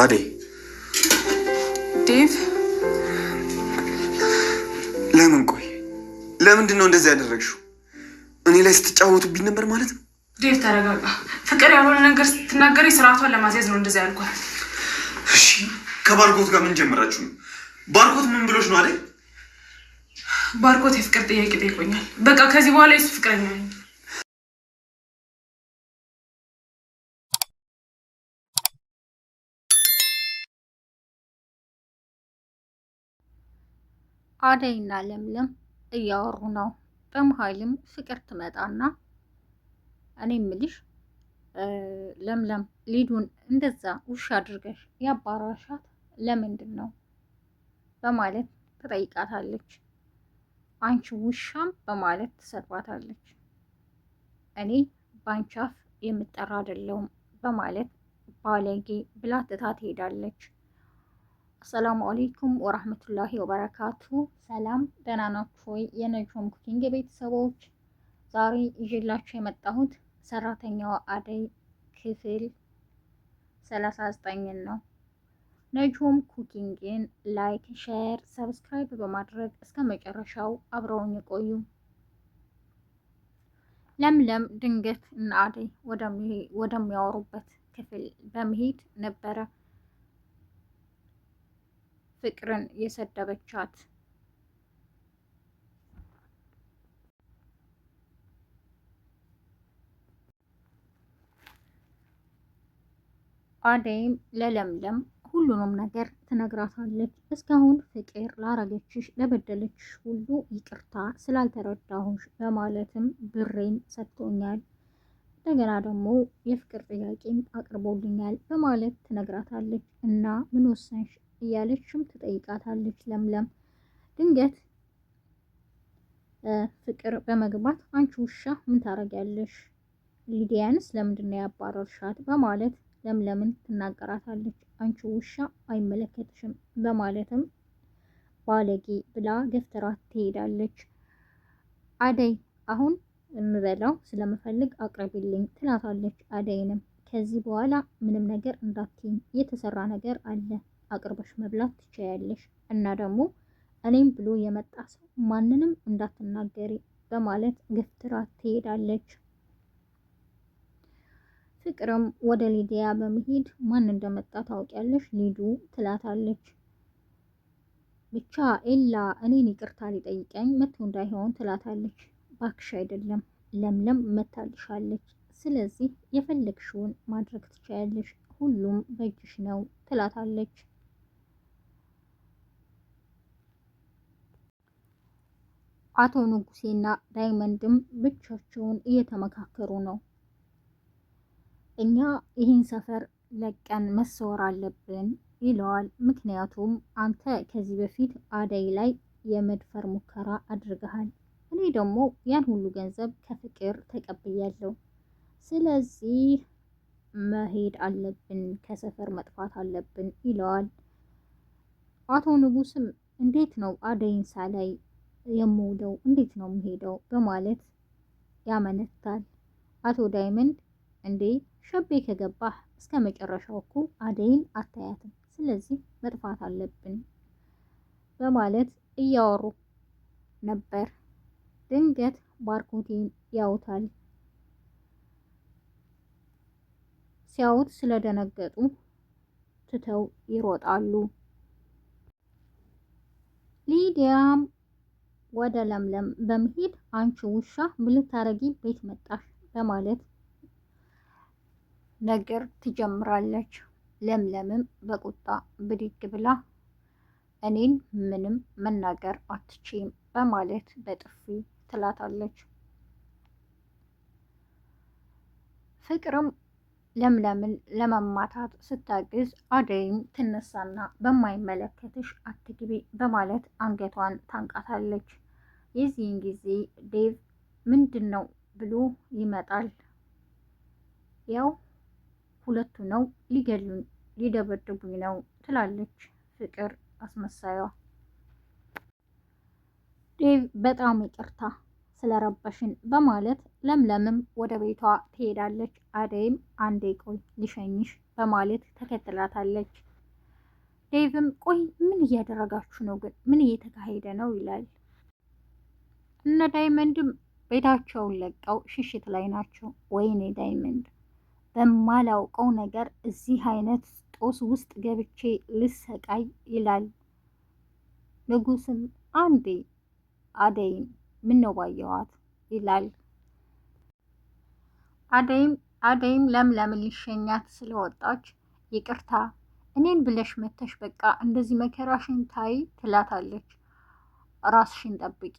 አዴ ዴቭ ለምን ቆይ ለምንድን ነው እንደዚህ ያደረግሽው እኔ ላይ ስትጫወቱብኝ ነበር ማለት ነው ዴቭ ተረጋጋ ፍቅር ያልሆነ ነገር ስትናገሪ ስርዓቷን ለማስያዝ ነው እንደዚህ ያልኳል እሺ ከባርኮት ጋር ምን ጀምራችሁ ነው ባርኮት ምን ብሎች ነው አዴ ባርኮት የፍቅር ጥያቄ ጠይቆኛል በቃ ከዚህ በኋላ የሱ ፍቅረኛ ነኝ አደይና ለምለም እያወሩ ነው። በመሀልም ፍቅር ትመጣና እኔ ምልሽ ለምለም ሊዱን እንደዛ ውሻ አድርገሽ ያባራሻት ለምንድን ነው በማለት ትጠይቃታለች። አንቺ ውሻም በማለት ትሰድባታለች። እኔ ባንቻፍ የምጠራ አይደለውም በማለት ባለጌ ብላ ትታ ትሄዳለች። አሰላሙ አሌይኩም ወራህመቱላሂ ወበረካቱ። ሰላም ደህና ናችሁ ወይ? የነጆም ኩኪንግ ቤተሰቦች ዛሬ ይዤላችሁ የመጣሁት ሰራተኛዋ አደይ ክፍል ሰላሳ ዘጠኝን ነው። ነጆም ኩኪንግን ላይክ፣ ሼር፣ ሰብስክራይብ በማድረግ እስከ መጨረሻው አብረውን ይቆዩ። ለምለም ድንገት እና አደይ ወደሚያወሩበት ክፍል በመሄድ ነበረ ፍቅርን የሰደበቻት። አደይም ለለምለም ሁሉንም ነገር ትነግራታለች። እስካሁን ፍቅር ላረገችሽ ለበደለችሽ ሁሉ ይቅርታ ስላልተረዳሁሽ በማለትም ብሬን ሰጥቶኛል፣ እንደገና ደግሞ የፍቅር ጥያቄም አቅርቦልኛል በማለት ትነግራታለች። እና ምን ወሰንሽ እያለችም ትጠይቃታለች ለምለም። ድንገት ፍቅር በመግባት አንቺ ውሻ ምን ታረጊያለሽ? ሊዲያንስ ለምንድን ነው ያባረርሻት? በማለት ለምለምን ትናገራታለች። አንቺ ውሻ አይመለከትሽም በማለትም ባለጌ ብላ ገፍትራት ትሄዳለች። አደይ አሁን የምበላው ስለምፈልግ አቅርቢልኝ ትላታለች። አደይንም ከዚህ በኋላ ምንም ነገር እንዳትይኝ የተሰራ ነገር አለ አቅርበሽ መብላት ትችያለሽ እና ደግሞ እኔም ብሎ የመጣ ሰው ማንንም እንዳትናገሪ በማለት ግፍትራ ትሄዳለች። ፍቅርም ወደ ሊዲያ በመሄድ ማን እንደመጣ ታውቂያለሽ ሊዱ ትላታለች። ብቻ ኤላ እኔን ይቅርታ ሊጠይቀኝ መቶ እንዳይሆን ትላታለች። ባክሽ አይደለም ለምለም መታልሻለች። ስለዚህ የፈለግሽውን ማድረግ ትችያለሽ፣ ሁሉም በእጅሽ ነው ትላታለች። አቶ ንጉሴና ዳይመንድም ብቻቸውን እየተመካከሩ ነው። እኛ ይህን ሰፈር ለቀን መሰወር አለብን ይለዋል። ምክንያቱም አንተ ከዚህ በፊት አደይ ላይ የመድፈር ሙከራ አድርገሃል። እኔ ደግሞ ያን ሁሉ ገንዘብ ከፍቅር ተቀብያለሁ። ስለዚህ መሄድ አለብን፣ ከሰፈር መጥፋት አለብን ይለዋል። አቶ ንጉስም እንዴት ነው አደይን ሳላይ የምውለው እንዴት ነው የምሄደው በማለት ያመነታል። አቶ ዳይመንድ እንዴ ሸቤ ከገባህ እስከ መጨረሻው እኮ አደይን አታያትም፣ ስለዚህ መጥፋት አለብን በማለት እያወሩ ነበር። ድንገት ባርኮቴን ያውታል። ሲያዩት ስለደነገጡ ትተው ይሮጣሉ። ሊዲያም ወደ ለምለም በመሄድ አንቺ ውሻ ምን ልታረጊ ቤት መጣሽ? በማለት ነገር ትጀምራለች። ለምለምም በቁጣ ብድግ ብላ እኔን ምንም መናገር አትችም በማለት በጥፊ ትላታለች። ፍቅርም ለምለምን ለመማታት ስታግዝ አደይም ትነሳና በማይመለከትሽ አትግቢ በማለት አንገቷን ታንቃታለች። የዚህን ጊዜ ዴቭ ምንድን ነው ብሎ ይመጣል። ያው ሁለቱ ነው ሊገሉኝ፣ ሊደበድቡኝ ነው ትላለች ፍቅር አስመሳዩ። ዴቭ በጣም ይቅርታ ስለረበሽን በማለት ለምለምም ወደ ቤቷ ትሄዳለች። አደይም አንዴ ቆይ ልሸኝሽ በማለት ተከትላታለች። ዴቭም ቆይ ምን እያደረጋችሁ ነው ግን ምን እየተካሄደ ነው ይላል። እነ ዳይመንድም ቤታቸውን ለቀው ሽሽት ላይ ናቸው። ወይኔ ዳይመንድ በማላውቀው ነገር እዚህ አይነት ጦስ ውስጥ ገብቼ ልሰቃይ ይላል። ንጉስም አንዴ አደይን ምን ነው ባየዋት ይላል። አደይም አደይም ለምለም ሊሸኛት ስለወጣች ይቅርታ እኔን ብለሽ መተሽ በቃ እንደዚህ መከራሽን ታይ ትላታለች። ራስሽን ጠብቂ፣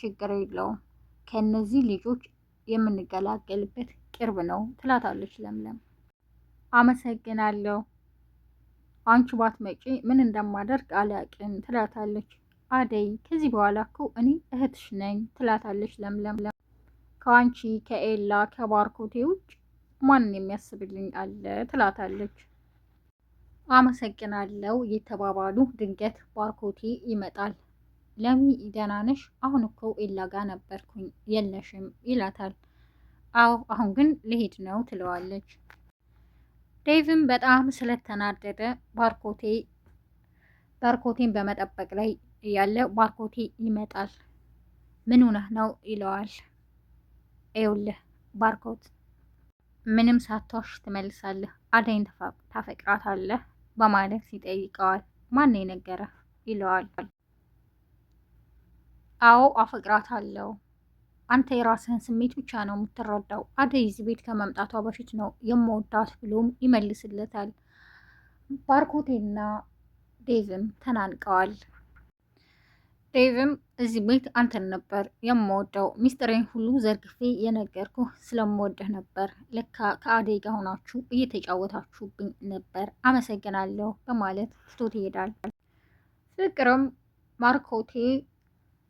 ችግር የለውም ከእነዚህ ልጆች የምንገላገልበት ቅርብ ነው ትላታለች ለምለም። አመሰግናለሁ አንቺ ባትመጪ ምን እንደማደርግ አላቅም ትላታለች። አደይ ከዚህ በኋላ እኮ እኔ እህትሽ ነኝ ትላታለች ለምለም። ከአንቺ ከኤላ ከባርኮቴ ውጭ ማንን የሚያስብልኝ አለ ትላታለች። አመሰግናለሁ የተባባሉ ድንገት ባርኮቴ ይመጣል። ለሚ ደህና ነሽ? አሁን እኮ ኤላ ጋር ነበርኩኝ የለሽም ይላታል። አዎ አሁን ግን ልሄድ ነው ትለዋለች። ዴቭም በጣም ስለተናደደ ባርኮቴ ባርኮቴን በመጠበቅ ላይ እያለ ባርኮቴ ይመጣል። ምን ሆነህ ነው ይለዋል። ይኸውልህ ባርኮት ምንም ሳትዋሽ ትመልሳለህ፣ አደይን ታፈቅራታለህ በማለት ይጠይቀዋል። ማን የነገረህ ይለዋል። አዎ አፈቅራታለሁ። አንተ የራስህን ስሜት ብቻ ነው የምትረዳው። አደይ እዚህ ቤት ከመምጣቷ በፊት ነው የምወዳት ብሎም ይመልስለታል። ባርኮቴና ዴቭም ተናንቀዋል። ዴቭም እዚህ ቤት አንተን ነበር የምወደው፣ ሚስጥሬን ሁሉ ዘርግፌ የነገርኩ ስለምወደህ ነበር። ለካ ከአደይ ጋር ሆናችሁ እየተጫወታችሁብኝ ነበር፣ አመሰግናለሁ በማለት ትቶት ይሄዳል። ፍቅርም ማርኮቴ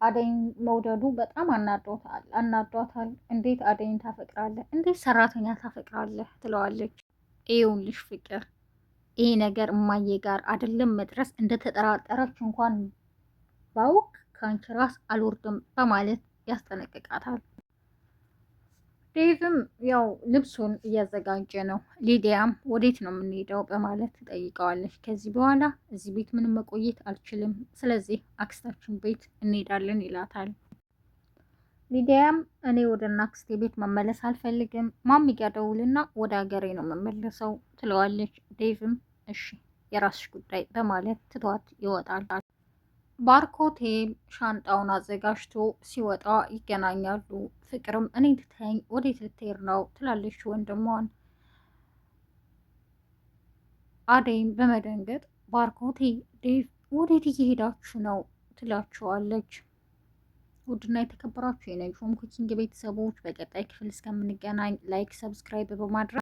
አደይን መውደዱ በጣም አናዷታል አናዷታል። እንዴት አደይን ታፈቅራለህ? እንዴት ሰራተኛ ታፈቅራለህ? ትለዋለች። ይኸውልሽ ፍቅር ይሄ ነገር እማዬ ጋር አይደለም መድረስ እንደተጠራጠረች እንኳን ከገባው ከአንቺ ራስ አልወርድም በማለት ያስጠነቅቃታል። ዴቭም ያው ልብሱን እያዘጋጀ ነው። ሊዲያም ወዴት ነው የምንሄደው በማለት ትጠይቀዋለች። ከዚህ በኋላ እዚህ ቤት ምንም መቆየት አልችልም፣ ስለዚህ አክስታችን ቤት እንሄዳለን ይላታል። ሊዲያም እኔ ወደ አክስቴ ቤት መመለስ አልፈልግም፣ ማሚጋ ደውልና ወደ ሀገሬ ነው የምመለሰው ትለዋለች። ዴቭም እሺ የራስሽ ጉዳይ በማለት ትቷት ይወጣል። ባርኮቴ ሻንጣውን አዘጋጅቶ ሲወጣ ይገናኛሉ። ፍቅርም እኔ ትተኝ ወዴት ልትሄድ ነው ትላለች ወንድሟን። አደይም በመደንገጥ ባርኮቴ ዴቭ ወዴት እየሄዳችሁ ነው ትላችኋለች። ውድና የተከበራችሁ የነጅሆም ኩኪንግ ቤተሰቦች በቀጣይ ክፍል እስከምንገናኝ ላይክ፣ ሰብስክራይብ በማድረግ